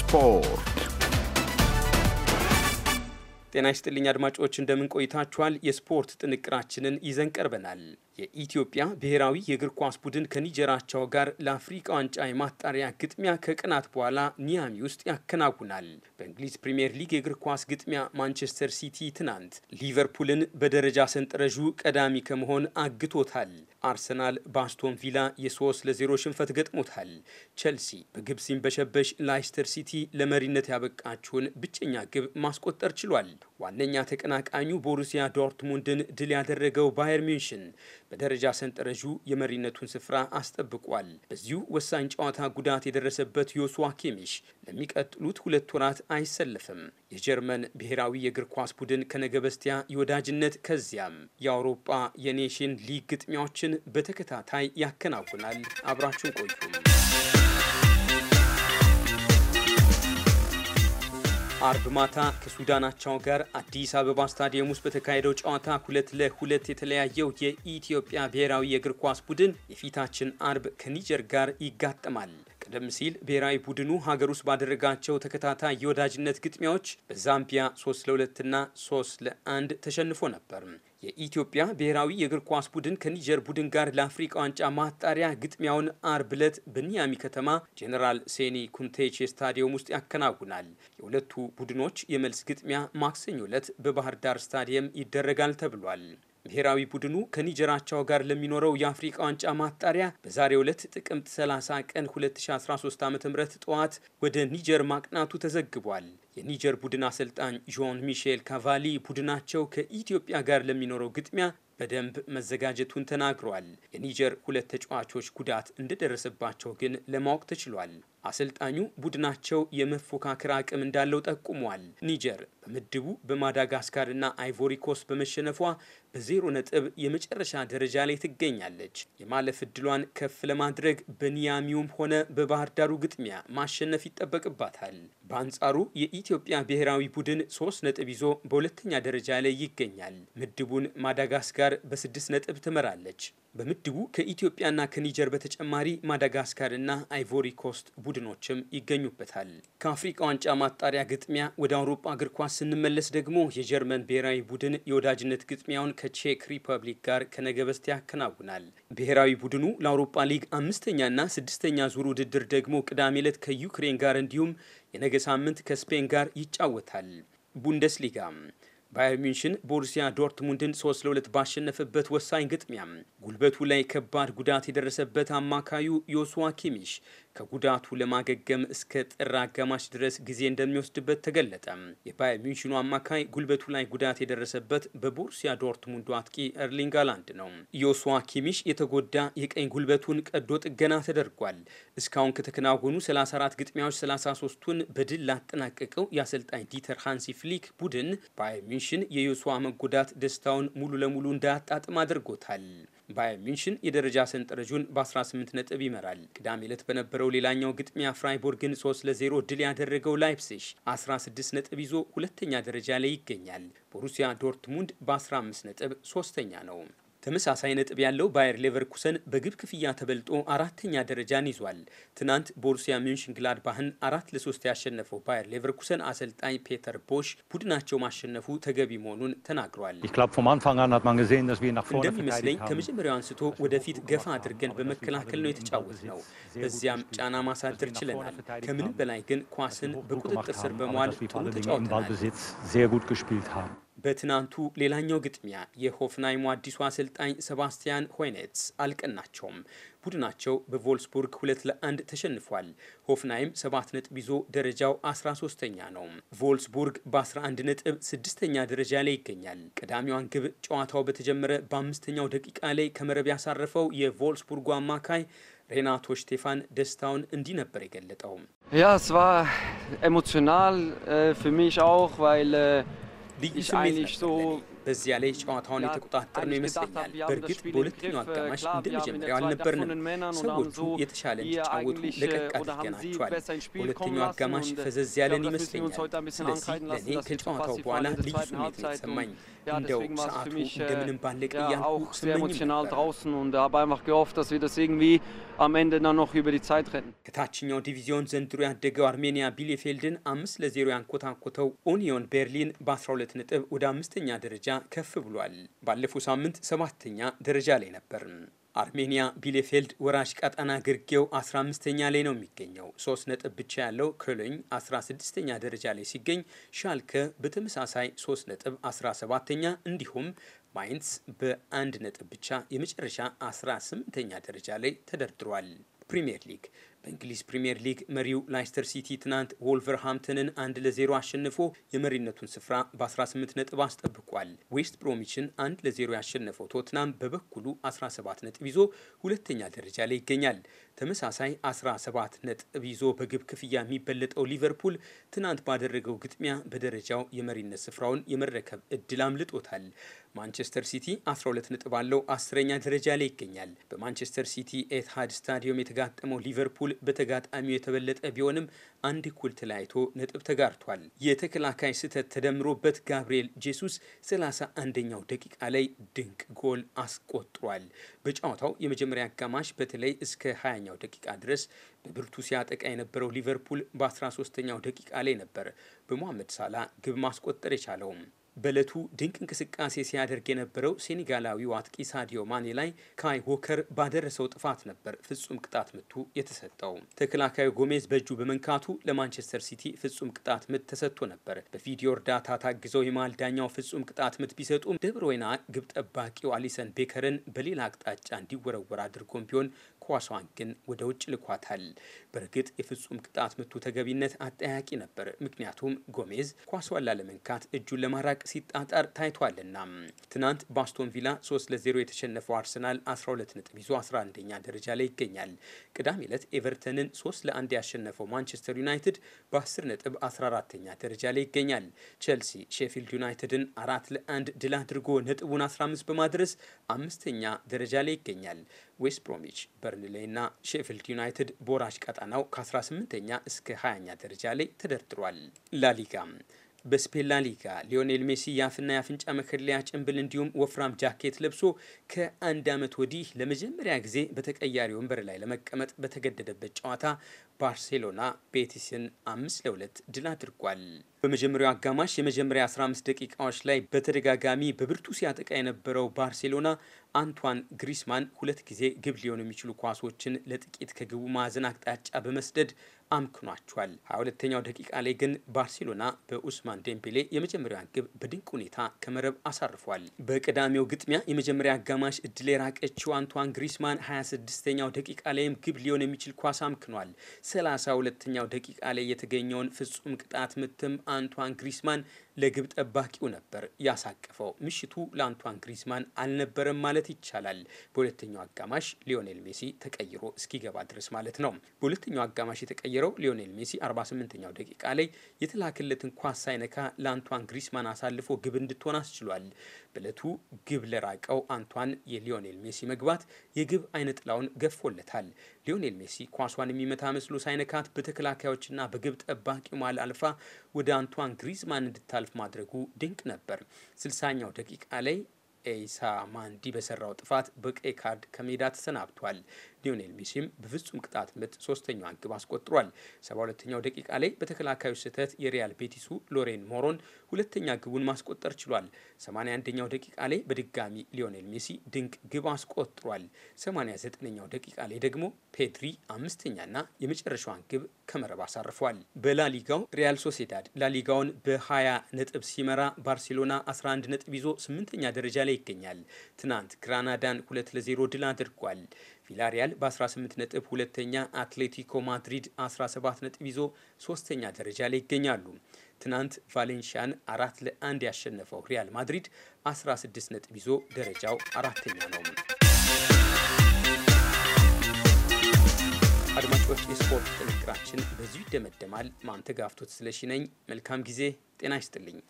ስፖርት ጤና ይስጥልኝ አድማጮች፣ እንደምን ቆይታችኋል? የስፖርት ጥንቅራችንን ይዘን ቀርበናል። የኢትዮጵያ ብሔራዊ የእግር ኳስ ቡድን ከኒጀራቸው ጋር ለአፍሪካ ዋንጫ የማጣሪያ ግጥሚያ ከቀናት በኋላ ኒያሚ ውስጥ ያከናውናል። በእንግሊዝ ፕሪምየር ሊግ የእግር ኳስ ግጥሚያ ማንቸስተር ሲቲ ትናንት ሊቨርፑልን በደረጃ ሰንጠረዡ ቀዳሚ ከመሆን አግቶታል። አርሰናል በአስቶን ቪላ ለ0 ሽንፈት ገጥሞታል። ቸልሲ በግብ ሲንበሸበሽ ላይስተር ሲቲ ለመሪነት ያበቃችውን ብቸኛ ግብ ማስቆጠር ችሏል። ዋነኛ ተቀናቃኙ ቦሩሲያ ዶርትሙንድን ድል ያደረገው ባየር ሚንሽን በደረጃ ሰንጠረዡ የመሪነቱን ስፍራ አስጠብቋል። በዚሁ ወሳኝ ጨዋታ ጉዳት የደረሰበት ዮስዋ ኬሚሽ ለሚቀጥሉት ሁለት ወራት አይሰለፍም። የጀርመን ብሔራዊ የእግር ኳስ ቡድን ከነገ በስቲያ የወዳጅነት ከዚያም የአውሮፓ የኔሽን ሊግ ግጥሚያዎችን በተከታታይ ያከናውናል። አብራችሁን ቆዩም። አርብ ማታ ከሱዳናቸው ጋር አዲስ አበባ ስታዲየም ውስጥ በተካሄደው ጨዋታ ሁለት ለሁለት የተለያየው የኢትዮጵያ ብሔራዊ የእግር ኳስ ቡድን የፊታችን አርብ ከኒጀር ጋር ይጋጠማል። ቀደም ሲል ብሔራዊ ቡድኑ ሀገር ውስጥ ባደረጋቸው ተከታታይ የወዳጅነት ግጥሚያዎች በዛምቢያ 3 ለ2 ና 3 ለ1 ተሸንፎ ነበር። የኢትዮጵያ ብሔራዊ የእግር ኳስ ቡድን ከኒጀር ቡድን ጋር ለአፍሪቃ ዋንጫ ማጣሪያ ግጥሚያውን አርብ ዕለት በኒያሚ ከተማ ጄኔራል ሴኒ ኩንቴቼ ስታዲየም ውስጥ ያከናውናል። የሁለቱ ቡድኖች የመልስ ግጥሚያ ማክሰኞ ዕለት በባህር ዳር ስታዲየም ይደረጋል ተብሏል። ብሔራዊ ቡድኑ ከኒጀራቸው ጋር ለሚኖረው የአፍሪቃ ዋንጫ ማጣሪያ በዛሬው ዕለት ጥቅምት 30 ቀን 2013 ዓ ም ጠዋት ወደ ኒጀር ማቅናቱ ተዘግቧል። የኒጀር ቡድን አሰልጣኝ ዦን ሚሼል ካቫሊ ቡድናቸው ከኢትዮጵያ ጋር ለሚኖረው ግጥሚያ በደንብ መዘጋጀቱን ተናግሯል። የኒጀር ሁለት ተጫዋቾች ጉዳት እንደደረሰባቸው ግን ለማወቅ ተችሏል። አሰልጣኙ ቡድናቸው የመፎካከር አቅም እንዳለው ጠቁሟል። ኒጀር በምድቡ በማዳጋስካርና አይቮሪኮስ በመሸነፏ በዜሮ ነጥብ የመጨረሻ ደረጃ ላይ ትገኛለች። የማለፍ እድሏን ከፍ ለማድረግ በኒያሚውም ሆነ በባህር ዳሩ ግጥሚያ ማሸነፍ ይጠበቅባታል። በአንጻሩ የኢትዮጵያ ብሔራዊ ቡድን ሶስት ነጥብ ይዞ በሁለተኛ ደረጃ ላይ ይገኛል። ምድቡን ማዳጋስካር በስድስት ነጥብ ትመራለች። በምድቡ ከኢትዮጵያና ከኒጀር በተጨማሪ ማዳጋስካርና አይቮሪ ኮስት ቡድኖችም ይገኙበታል። ከአፍሪቃ ዋንጫ ማጣሪያ ግጥሚያ ወደ አውሮፓ እግር ኳስ ስንመለስ ደግሞ የጀርመን ብሔራዊ ቡድን የወዳጅነት ግጥሚያውን ከቼክ ሪፐብሊክ ጋር ከነገ በስቲያ ያከናውናል። ብሔራዊ ቡድኑ ለአውሮፓ ሊግ አምስተኛና ስድስተኛ ዙር ውድድር ደግሞ ቅዳሜ ዕለት ከዩክሬን ጋር እንዲሁም የነገ ሳምንት ከስፔን ጋር ይጫወታል። ቡንደስሊጋ ባየር ሚንሽን ቦሩሲያ ዶርትሙንድን ሶስት ለሁለት ባሸነፈበት ወሳኝ ግጥሚያ ጉልበቱ ላይ ከባድ ጉዳት የደረሰበት አማካዩ ዮስዋ ኪሚሽ ከጉዳቱ ለማገገም እስከ ጥር አጋማሽ ድረስ ጊዜ እንደሚወስድበት ተገለጠ። የባየር ሚንሽኑ አማካይ ጉልበቱ ላይ ጉዳት የደረሰበት በቦሩሲያ ዶርትሙንዱ አጥቂ ኤርሊንግ ሃላንድ ነው። ዮስዋ ኪሚሽ የተጎዳ የቀኝ ጉልበቱን ቀዶ ጥገና ተደርጓል። እስካሁን ከተከናወኑ 34 ግጥሚያዎች 33ቱን በድል ላጠናቀቀው የአሰልጣኝ ዲተር ሃንሲ ፍሊክ ቡድን ባየር ሚንሽን የዮስዋ መጎዳት ደስታውን ሙሉ ለሙሉ እንዳያጣጥም አድርጎታል። ባየር ሚንሽን የደረጃ ሰንጠረዡን በ18 ነጥብ ይመራል። ቅዳሜ ዕለት በነበረው ሌላኛው ግጥሚያ ፍራይቦርግን 3 ለ0 ድል ያደረገው ላይፕሲሽ 16 ነጥብ ይዞ ሁለተኛ ደረጃ ላይ ይገኛል። ቦሩሲያ ዶርትሙንድ በ15 ነጥብ ሶስተኛ ነው። ተመሳሳይ ነጥብ ያለው ባየር ሌቨርኩሰን በግብ ክፍያ ተበልጦ አራተኛ ደረጃን ይዟል። ትናንት ቦሩሲያ ሚንሽን ግላድባህን አራት ለሶስት ያሸነፈው ባየር ሌቨርኩሰን አሰልጣኝ ፔተር ቦሽ ቡድናቸው ማሸነፉ ተገቢ መሆኑን ተናግሯል። እንደሚመስለኝ ከመጀመሪያው አንስቶ ወደፊት ገፋ አድርገን በመከላከል ነው የተጫወት ነው። በዚያም ጫና ማሳደር ችለናል። ከምንም በላይ ግን ኳስን በቁጥጥር ስር በመዋል ጥሩ ተጫውተናል። በትናንቱ ሌላኛው ግጥሚያ የሆፍናይሙ አዲሱ አሰልጣኝ ሰባስቲያን ሆይኔትስ አልቀናቸውም። ቡድናቸው በቮልስቡርግ ሁለት ለአንድ ተሸንፏል። ሆፍናይም ሰባት ነጥብ ይዞ ደረጃው 13ተኛ ነው። ቮልስቡርግ በ11 ነጥብ ስድስተኛ ደረጃ ላይ ይገኛል። ቀዳሚዋን ግብ ጨዋታው በተጀመረ በአምስተኛው ደቂቃ ላይ ከመረብ ያሳረፈው የቮልስቡርጉ አማካይ ሬናቶ ሽቴፋን ደስታውን እንዲህ ነበር የገለጠው። ያ ስዋ ኤሞሽናል ፍሚሽ ሚሽ አውህ liegt nicht eigentlich so በዚያ ላይ ጨዋታውን የተቆጣጠርነው ይመስለኛል። በእርግጥ በሁለተኛው አጋማሽ እንደመጀመሪያው አልነበርንም። ሰዎቹ የተሻለ እንዲጫወቱ ለቀቅ አድርገናቸዋል። በሁለተኛው አጋማሽ ፈዘዝ ያለን ይመስለኛል። ስለዚህ ለእኔ ከጨዋታው በኋላ ልዩ ስሜት ነው የተሰማኝ። እንደው ሰዓቱ እንደምንም ባለቀ እያልኩ ስመኝም ነበር። ከታችኛው ዲቪዚዮን ዘንድሮ ያደገው አርሜኒያ ቢሌፌልድን አምስት ለዜሮ ያንኮታኮተው ኦኒዮን ቤርሊን በ12 ነጥብ ወደ አምስተኛ ደረጃ ከፍ ብሏል። ባለፈው ሳምንት ሰባተኛ ደረጃ ላይ ነበር። አርሜኒያ ቢሌፌልድ ወራሽ ቀጠና ግርጌው 15ኛ ላይ ነው የሚገኘው። ሶስት ነጥብ ብቻ ያለው ኮሎኝ 16ኛ ደረጃ ላይ ሲገኝ ሻልከ በተመሳሳይ 3 ነጥብ 17ኛ እንዲሁም ማይንስ በአንድ ነጥብ ብቻ የመጨረሻ 18ኛ ደረጃ ላይ ተደርድሯል። ፕሪምየር ሊግ በእንግሊዝ ፕሪምየር ሊግ መሪው ላይስተር ሲቲ ትናንት ወልቨርሃምፕተንን አንድ ለዜሮ አሸንፎ የመሪነቱን ስፍራ በ18 ነጥብ አስጠብቋል። ዌስት ብሮሚችን አንድ ለዜሮ ያሸነፈው ቶትናም በበኩሉ 17 ነጥብ ይዞ ሁለተኛ ደረጃ ላይ ይገኛል። ተመሳሳይ 17 ነጥብ ይዞ በግብ ክፍያ የሚበለጠው ሊቨርፑል ትናንት ባደረገው ግጥሚያ በደረጃው የመሪነት ስፍራውን የመረከብ እድል አምልጦታል። ማንቸስተር ሲቲ 12 ነጥብ አለው አስረኛ ደረጃ ላይ ይገኛል። በማንቸስተር ሲቲ ኤትሃድ ስታዲየም የተጋጠመው ሊቨርፑል በተጋጣሚው የተበለጠ ቢሆንም አንድ እኩል ተለያይቶ ነጥብ ተጋርቷል። የተከላካይ ስህተት ተደምሮበት ጋብርኤል ጄሱስ 31ኛው ደቂቃ ላይ ድንቅ ጎል አስቆጥሯል። በጨዋታው የመጀመሪያ አጋማሽ በተለይ እስከ 20ኛው ደቂቃ ድረስ በብርቱ ሲያጠቃ የነበረው ሊቨርፑል በ13ኛው ደቂቃ ላይ ነበር በሞሐመድ ሳላ ግብ ማስቆጠር የቻለውም። በእለቱ ድንቅ እንቅስቃሴ ሲያደርግ የነበረው ሴኔጋላዊው አጥቂ ሳዲዮ ማኔ ላይ ካይ ሆከር ባደረሰው ጥፋት ነበር ፍጹም ቅጣት ምቱ የተሰጠው። ተከላካዩ ጎሜዝ በእጁ በመንካቱ ለማንቸስተር ሲቲ ፍጹም ቅጣት ምት ተሰጥቶ ነበር። በቪዲዮ እርዳታ ታግዘው የመሃል ዳኛው ፍጹም ቅጣት ምት ቢሰጡም ደብረ ወይና ግብ ጠባቂው አሊሰን ቤከርን በሌላ አቅጣጫ እንዲወረወር አድርጎም ቢሆን ተኳሷን ግን ወደ ውጭ ልኳታል። በእርግጥ የፍጹም ቅጣት ምቱ ተገቢነት አጠያቂ ነበር። ምክንያቱም ጎሜዝ ኳሷን ላለመንካት እጁን ለማራቅ ሲጣጣር ታይቷልና። ትናንት በአስቶን ቪላ 3 ለ0 የተሸነፈው አርሰናል 12 ነጥብ ይዞ 11ኛ ደረጃ ላይ ይገኛል። ቅዳሜ ዕለት ኤቨርተንን 3 ለ1 ያሸነፈው ማንቸስተር ዩናይትድ በ10 ነጥብ 14ኛ ደረጃ ላይ ይገኛል። ቼልሲ ሼፊልድ ዩናይትድን ለ ለአንድ ድል አድርጎ ነጥቡን 15 በማድረስ አምስተኛ ደረጃ ላይ ይገኛል። ዌስት ብሮሚች፣ ና ሼፊልድ ዩናይትድ በወራጅ ቀጠናው ከ18ኛ እስከ 20ኛ ደረጃ ላይ ተደርድሯል። ላሊጋ በስፔን ሊጋ ሊዮኔል ሜሲ የአፍና የአፍንጫ መከለያ ጭንብል እንዲሁም ወፍራም ጃኬት ለብሶ ከአንድ ዓመት ወዲህ ለመጀመሪያ ጊዜ በተቀያሪ ወንበር ላይ ለመቀመጥ በተገደደበት ጨዋታ ባርሴሎና ቤቲስን አምስት ለሁለት ድል አድርጓል። በመጀመሪያው አጋማሽ የመጀመሪያ 15 ደቂቃዎች ላይ በተደጋጋሚ በብርቱ ሲያጠቃ የነበረው ባርሴሎና አንቷን ግሪስማን ሁለት ጊዜ ግብ ሊሆኑ የሚችሉ ኳሶችን ለጥቂት ከግቡ ማዕዘን አቅጣጫ በመስደድ አምክኗቸዋል። ሀያ ሁለተኛው ደቂቃ ላይ ግን ባርሴሎና በኡስማን ዴምቤሌ የመጀመሪያ ግብ በድንቅ ሁኔታ ከመረብ አሳርፏል። በቅዳሜው ግጥሚያ የመጀመሪያ አጋማሽ እድል የራቀችው አንቷን ግሪስማን 26ኛው ደቂቃ ላይም ግብ ሊሆን የሚችል ኳስ አምክኗል። ሁለተኛው ደቂቃ ላይ የተገኘውን ፍጹም ቅጣት ምትም አንቷን ግሪስማን ለግብ ጠባቂው ነበር ያሳቀፈው። ምሽቱ ለአንቷን ግሪዝማን አልነበረም ማለት ይቻላል። በሁለተኛው አጋማሽ ሊዮኔል ሜሲ ተቀይሮ እስኪገባ ድረስ ማለት ነው። በሁለተኛው አጋማሽ የተቀየረው ሊዮኔል ሜሲ 48ኛው ደቂቃ ላይ የተላክለትን ኳስ ሳይነካ ለአንቷን ግሪዝማን አሳልፎ ግብ እንድትሆን አስችሏል። በእለቱ ግብ ለራቀው አንቷን የሊዮኔል ሜሲ መግባት የግብ አይነት ላውን ገፎለታል። ሊዮኔል ሜሲ ኳሷን የሚመታ መስሎ ሳይነካት በተከላካዮችና በግብ ጠባቂው ማል አልፋ ወደ አንቷን ግሪዝማን እንድታልፍ ማድረጉ ድንቅ ነበር። ስልሳኛው ደቂቃ ላይ ኤይሳ ማንዲ በሰራው ጥፋት በቀይ ካርድ ከሜዳ ተሰናብቷል። ሊዮኔል ሜሲም በፍጹም ቅጣት ምት ሶስተኛዋን ግብ አስቆጥሯል። ሰባ ሁለተኛው ደቂቃ ላይ በተከላካዩ ስህተት የሪያል ቤቲሱ ሎሬን ሞሮን ሁለተኛ ግቡን ማስቆጠር ችሏል። 81 አንደኛው ደቂቃ ላይ በድጋሚ ሊዮኔል ሜሲ ድንቅ ግብ አስቆጥሯል። 89 ዘጠነኛው ደቂቃ ላይ ደግሞ ፔድሪ አምስተኛና የመጨረሻዋን ግብ ከመረብ አሳርፏል። በላሊጋው ሪያል ሶሴዳድ ላሊጋውን በ20 ነጥብ ሲመራ ባርሴሎና 11 ነጥብ ይዞ ስምንተኛ ደረጃ ላይ ላይ ይገኛል። ትናንት ግራናዳን ሁለት ለዜሮ ድል አድርጓል። ቪላሪያል በ18 ነጥብ ሁለተኛ፣ አትሌቲኮ ማድሪድ 17 ነጥብ ይዞ ሶስተኛ ደረጃ ላይ ይገኛሉ። ትናንት ቫሌንሺያን አራት ለአንድ ያሸነፈው ሪያል ማድሪድ 16 ነጥብ ይዞ ደረጃው አራተኛ ነው። አድማጮች፣ የስፖርት ጥንቅራችን በዚሁ ይደመደማል። ማንተጋፍቶት ስለሺ ነኝ። መልካም ጊዜ። ጤና ይስጥልኝ።